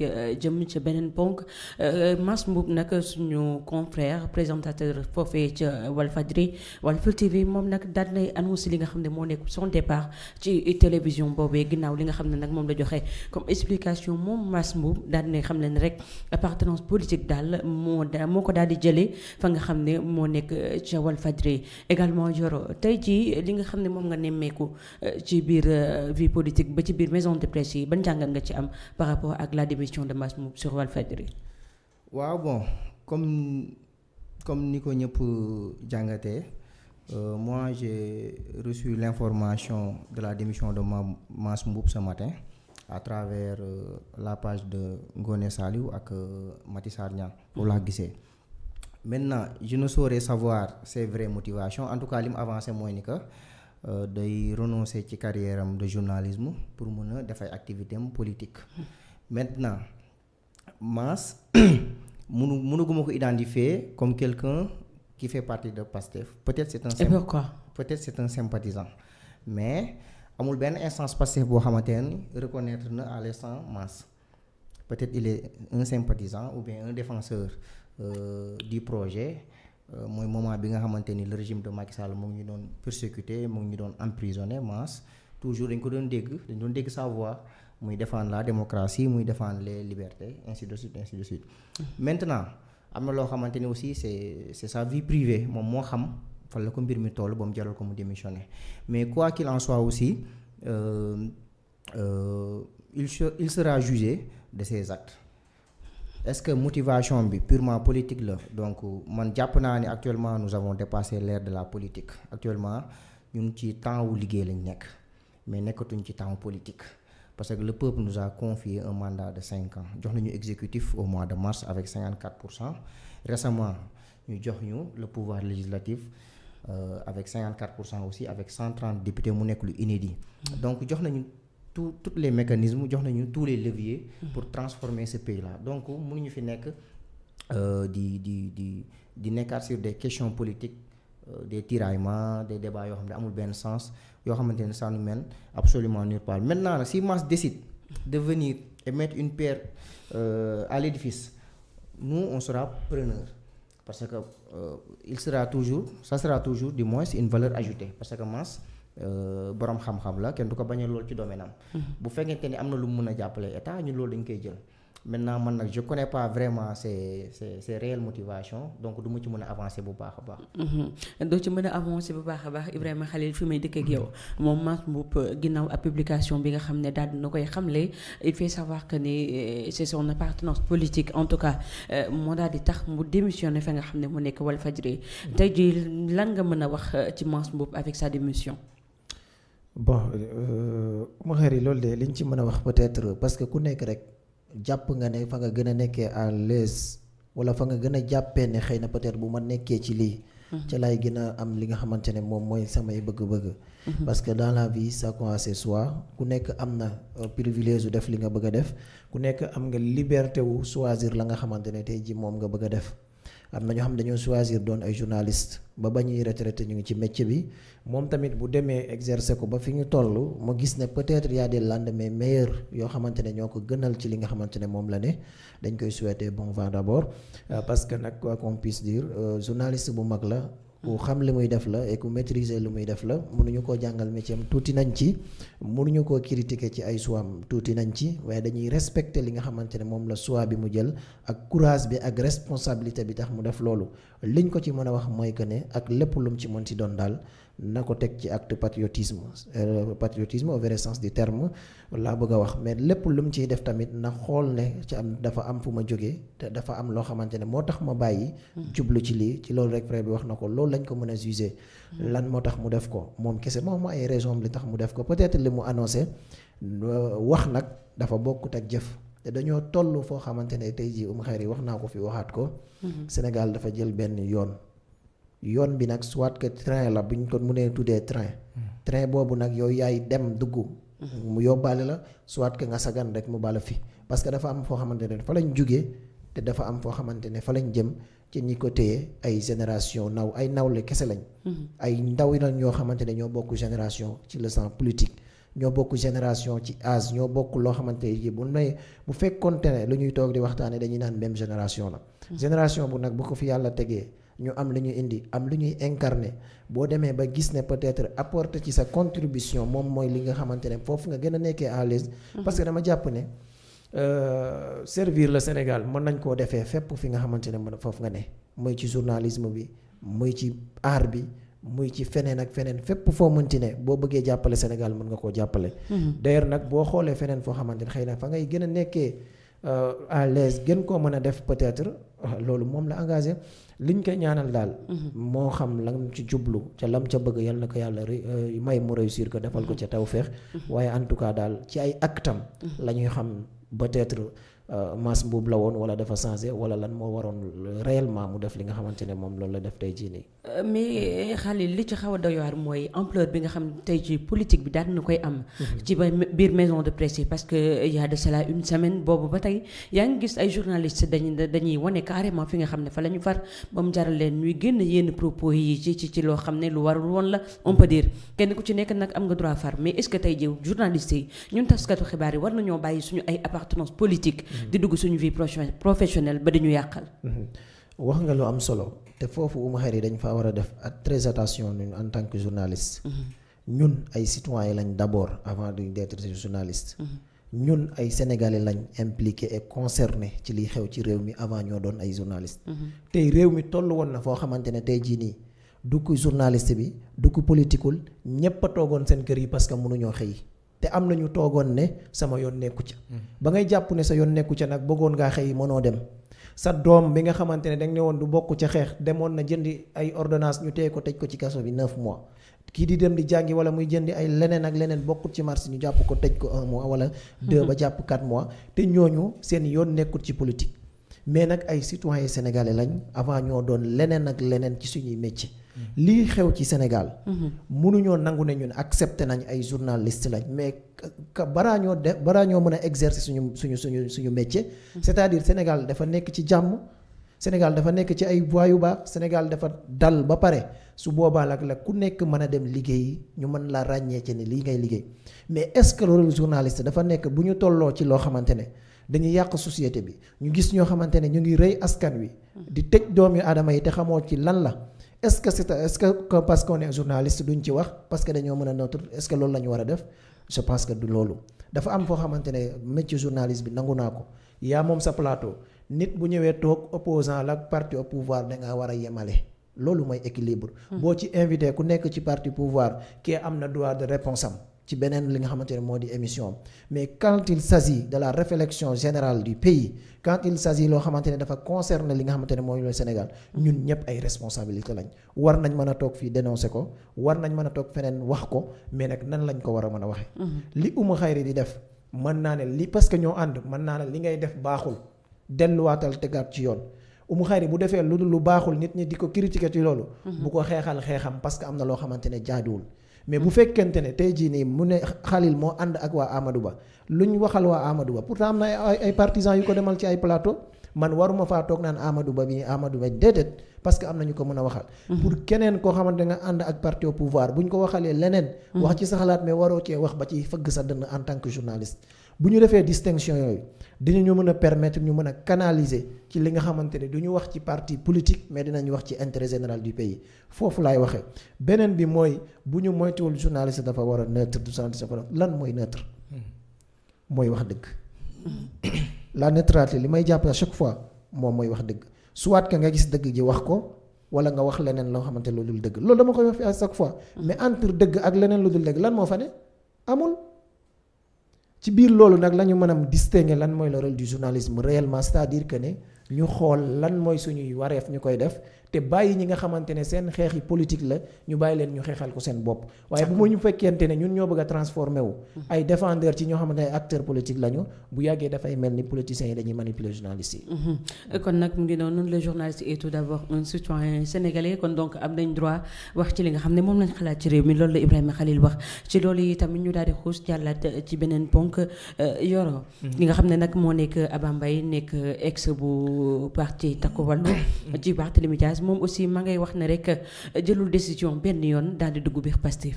Euh, jëm ca beneen ponk euh, Mass Mboup nag suñu confrère présentateur foofee ca Walfadjri Walf TV moom nag daal nay annoncé li nga xam ne moo nekk son départ ci télévision boobee ginnaaw li nga xam ne nag moom la joxe comme explication moom Mass Mboup daal nay xam ne rek appartenance politique daal moo moo ko daal di jëlee fa nga xam ne moo nekk euh, ca Walfadjri également Joro tey jii li nga xam ne moom nga nemmeeku ci biir vie politique ba ci biir maison de presse ban jàngat nga ci am émission de masse sur Walfadjri waaw bon comme comme ni ko ñëpp jàngatee euh, moi j'ai reçu l'information de la démission de Mame Mass Mboup ce matin à travers euh, la page de Ngoné Saliou ak euh, Mati Sarr Niang foofu laa gisee maintenant je ne saurais savoir ses vraies motivations en tout cas li avancé mooy ni que euh, day renoncer ci carrière de journalisme pour mun a def ay activité am politique maintenant Mass mënu mënuguma ko identifier comme quelqu'un qui fait partie de PASTEF peut-être c'est un. et pourquoi peut-être c'est un sympathisant mais amul benn instance PASTEF boo xamante ne reconnaître na à l'instant Mass peut-être il est un sympathisant ou bien un défenseur euh, du projet. Euh, mooy moment bi nga xamante ni le régime de Macky Sall mu ngi ñu doon persécuté mu ngi ñu doon emprisonné Mass toujours dañ ko doon dégg dañ doon dégg sa muy defande la démocratie muy defande les libertés ainsi de suite ainsi de suite mm-hmm. maintenant am na loo xamante ni aussi c'est c'est sa vie privée moom moo xam fan la ko mbir mi toll ba mu jaral ko mu démissionner mais quoi qu'il en soit aussi euh, euh, il il sera jugé de ses actes est-ce que motivation bi purement politique la donc man jàpp naa ni actuellement nous avons dépassé l'ère de la politique actuellement ñun ci temps wu liggéey lañ nekk mais nekkatuñ ci temps politique parce que le peuple nous a confié un mandat de cinq ans jox nañu exécutif au mois de mars avec 54 pour cent récemment ñu jox ñu le pouvoir législatif euh, avec 54 pour cent aussi avec 130 députés mu nekk lu inédit. donc jox nañu tout tous les mécanismes jox nañu tous les leviers. pour transformer ce pays là donc ñu fi nekk euh, di di di di nekkaat sur des questions politiques. Euh, des tiraillements des débats yoo xam ne amul benn sens yoo xamante ne ça nous mène absolument nulle part maintenant nag si Mass décide de venir et une pierre euh, à l'édifice nous on preneur parce que euh, il sera toujours ça sera toujours di moins une valeur ajoutée parce que Mass euh, borom xam-xam la kenn du ko bañ a lool ci domaine am. Mm-hmm. bu fekkente ni am na lu mu mën a jàppale état ñu loolu dañ koy jël. maintenant man nag je connais pas vraiment ces ces ces réelles donc duma ci mën a avancer bu baax a baax. Mhm. doo ci mën a avancer bu baax a baax Ibrahima Khalil fi may dëkk yow moom Mass Mboup euh, ginaaw ab publication bi nga xam ne daal dina koy xamle il faut savoir que ni euh, c'est son appartenance politique en tout cas euh, moo daal di tax mu ne fa nga xam ne mu nekk wal Walfadjri tey jii lan nga mën a wax ci Mass Mboup avec sa démission. bon Oumar Khary loolu de liñ ci mën a wax peut-être parce que ku nekk rek. jàpp nga ne fa nga gën a nekkee à l'aise wala fa nga gën a jàppee ne xëy na peut-être bu ma nekkee ci lii mhm. ca laay gën a am li nga xamante ne moom mooy samay bëgg-bëgg mhm. parce que dans la vie ça commence soi ku nekk am na euh, privilège def li nga bëgg a def ku nekk am nga liberté wu choisir la nga xamante ne tey ji moom nga bëgg a def am na ñoo xam ne dañoo choisir doon ay journaliste ba ba ñuy retraité ñu ngi ci métier bi moom tamit bu demee exercer ko ba fi ñu tollu ma gis ne peut-être y a des lendemains meilleurs yoo xamante ne ñoo ko gënal ci li nga xamante ne moom la ne dañ koy souhaiter bon vent d'abord euh, parce que nag quoi qu'on puisse dire euh, bu mag la ku xam li muy def la et ku maîtriser li muy def la mënuñu koo jàngal métier am tuuti nañ ci mënuñu koo critiquer ci ay suwaam tuuti nañ ci waaye dañuy respecter li nga xamante ne moom la suwa bi mu jël ak courage bi ak responsabilité bi tax mu def loolu liñ ko ci mën a wax mooy que ne ak lépp lu ci mën ci doon daal na ko teg ci acte patriotisme euh, patriotisme au vrai sens du terme laa bëgg a wax mais lépp lu mu ciy def tamit na xool ne ci am dafa am fu ma jógee te dafa am loo xamante ne moo tax ma bàyyi. Hmm. jublu ci lii ci loolu rek bi wax na ko loolu lañ ko mën a juger. Hmm. lan moo tax mu def ko moom kese moom ay raison li tax mu def ko peut-être li mu annoncé euh, wax nag dafa bokkut ak jëf. te dañoo toll foo xamante ne tey jii um xeer wax naa ko fi waxaat ko. Hmm. Sénégal dafa jël benn yoon. yoon bi nag soit que train la bu ñu ko nee tuddee train. train boobu nag yow yaay dem duggu mu yóbbaale la soit que nga sagan rek mu bala fi parce que dafa am foo xamante ne fa lañ jugee te dafa am foo xamante ne fa lañ jëm ci ñi ko téye ay génération naw ay nawle kese lañ. Mm-hmm. ay ndaw lañ ñoo xamante ne ñoo bokk génération ci le sens politique. ñoo bokk génération ci âge ñoo bokk loo xamante ne bu nay bu fekkoonte ne lu ñuy toog di waxtaanee dañuy naan même génération la. Mm-hmm. génération bu nag bu ko fi yàlla tegee. ñu am lu ñuy indi am lu ñuy incarné boo demee ba gis ne peut-être apporter ci sa contribution moom mooy li nga xamante ne foofu nga gën a nekkee à l'aise mm-hmm. parce que dama jàpp ne euh, servir le Sénégal mën nañ koo defee fépp fi nga xamante ne mën foofu nga ne muy ci journalisme bi muy ci art bi muy ci feneen ak feneen fépp foo mënti ne boo bëggee jàppale Sénégal mën nga koo jàppale mm-hmm. d'ailleurs nag boo xoolee feneen foo xamante ne xëy na fa ngay gën a nekkee euh, à l'aise gën koo mën a def peut-être euh, loolu moom la engagé liñ koy ñaanal daal. Mhm. moo xam lam ci jublu ca lam ca bëgg yal na ko yàlla euh, may mu réussir ko defal ko mhm. ca tawféex. Mhm. waaye en tout cas daal ci ay actam la xam peut Euh, masse boobu la woon wala dafa changé wala lan moo waroon réellement mu def li nga xamante ne moom loolu la def tey jii nii. Euh, mais euh, Khalil li ci xaw a doy waar mooy ampleur bi nga xam tey jii politique bi daal na koy am. Mhm. ci ba biir maison que y a boobu ba tey yaa ngi gis ay dañuy dañuy wane fi nga xam ne fa la ñu far ba mu leen ñuy génn yenn propos yi ci loo xam ne lu warul woon la on peut dire kenn ku ci nekk nag am nga droit far mais est-ce que tey jii journalistes yi ñun taskatu xibaar yi war nañoo bàyyi suñu ay appartenance politique. di dugg suñu vie professionnelle ba dañu yàqal. Mm-hmm. wax nga lu am solo te foofu Oumou yi dañ fa war a def très attention nu en tant que journaliste. Mm-hmm. ñun ay citoyen lañ d'abord avant d'être journaliste. Mm-hmm. ñun ay sénégalais lañ impliqué et concerné ci liy xew ci réew mi avant ñoo doon ay journaliste. tey réew mi toll woon na foo xamante ne tey jii nii. du ko bi du ko politikul ñépp a toogoon seen kër yi parce que mënuñoo xëy te am na ñu toogoon ne sama yoon nekku ca. ba ngay jàpp ne sa yoon nekku ca nag bëggoon ngaa xëy mënoo dem. sa doom bi nga xamante ne danga ne woon du bokk ca xeex demoon na jëndi ay ordonnance ñu téye ko tëj ko ci kaso bi 9 mois. kii di dem di jàngi wala muy jëndi ay leneen ak leneen bokkut ci marché ñu jàpp ko tëj ko 1 mois wala 2 mhm. ba jàpp 4 mois te ñooñu seen yoon nekkut ci politique. mais nag ay citoyens sénégalais lañ avant ñoo doon leneen ak leneen ci suñuy métier. lii xew ci senegal mënuñoo mhm. nangu ne ñun accepté nañ ay journaliste lañ mais ka baraa de baraa mën a exercer suñu suñu suñu suñu métier. Mhm. c'est-à-dire Sénégal dafa nekk ci jàmm. Sénégal dafa nekk ci ay voies yu baax Sénégal dafa dal ba pare su boobaa nag la ku nekk mën a dem liggéey ñu mën laa ràññee ci ne lii ngay liggéey mais est-ce que loolu dafa nekk bu ñu tolloo ci loo xamante ne dañuy yàq société bi ñu gis ñoo xamante ne ñu ngi rëy askan wi. Mhm. di tëj doomi aadama yi te xamoo ci lan la. est-ce que c'est est-ce que parce qu'on est journaliste duñ ci wax parce que dañoo mën a neutre est-ce que loolu la ñu def je pense que du loolu dafa am foo xamante ne métier journaliste bi nangu naa ko yaa moom sa plateau nit bu ñëwee toog opposant la parti au pouvoir da ngaa war a yemale loolu mooy équilibre. Hmm. boo ci invité ku nekk ci parti pouvoir kii am na droit de réponse ci beneen li nga xamante ne moo di émission mais quand il s'agit de la réflexion générale du pays quand il s'agit loo xamante ne dafa concerne li nga xamante ne mooy le Sénégal ñun ñëpp ay responsabilité lañ war nañ mën a toog fii dénoncer ko war nañ mën a toog feneen wax ko mais nag nan lañ ko war a mën a waxee mm-hmm. li uma xayri di def mën naa ne li parce que ñoo ànd mën naa ne li ngay def baaxul delluwaatal tegaat ci yoon umu xayri bu defee lu dul lu baaxul nit ñi di ko critiquer ci loolu mm-hmm. bu ko xeexal xeexam que am na loo xamante ne jaaduwul mais mm. bu fekkente ne tey jii nii mu ne xalil moo ànd ak waa amadu Ba lu ñu waxal waa amadu Ba pour pourtant am na ay ay yu ko demal ci ay plateau. man waruma faa toog naan Amadou Ba bi Amadou Ba déedéet parce que am na ñu ko mën a waxal. Mhm. pour keneen koo xamante nga ànd ak parti au pouvoir bu ñu ko waxalee leneen. Mhm. wax ci sa xalaat mais waroo cee wax ba ci fëgg sa dënn en tant que journaliste. bu ñu defee distinction yooyu dinañu mën a permettre ñu mën a canaliser ci li nga xamante ne du ñu wax ci parti politique mais dinañu wax ci intérêt général du pays foofu laay waxee. beneen bi mooy bu ñu moytuwul journaliste dafa war a neutre du journaliste lan mooy neutre mhm. mooy wax dëgg. la neutralité li may jàpp à chaque fois moom mooy wax dëgg soit que nga gis dëgg ji wax ko wala nga wax leneen loo xamante ne lu dul dëgg loolu dama koy wax fi à chaque fois. Mm-hmm. mais entre dëgg ak leneen lu dul dëgg lan moo fa ne amul. ci biir loolu nag la ñu mën a distinguer lan mooy la rôle di journalisme réellement cest à que ne. ñu xool lan mooy suñuy wareef ñu koy def te bàyyi ñi nga xamante ne seen xeexi politique la ñu bàyyi leen ñu xeexal ko seen bopp waaye bu ma ñu fekkente ne ñun ñoo bëgg a mm-hmm. ay défendeur ci ñoo xamante ne acteur politique lañu bu yàggee dafay mel ni politiciens yi dañuy manipuler journalistes yi mm-hmm. Mm-hmm. kon nag mu nekk Abba nekk ex bu bu parti takku wàllu ci baax Dias moom aussi ma ngay wax ne rek jëlul décision benn yoon daal di dugg biir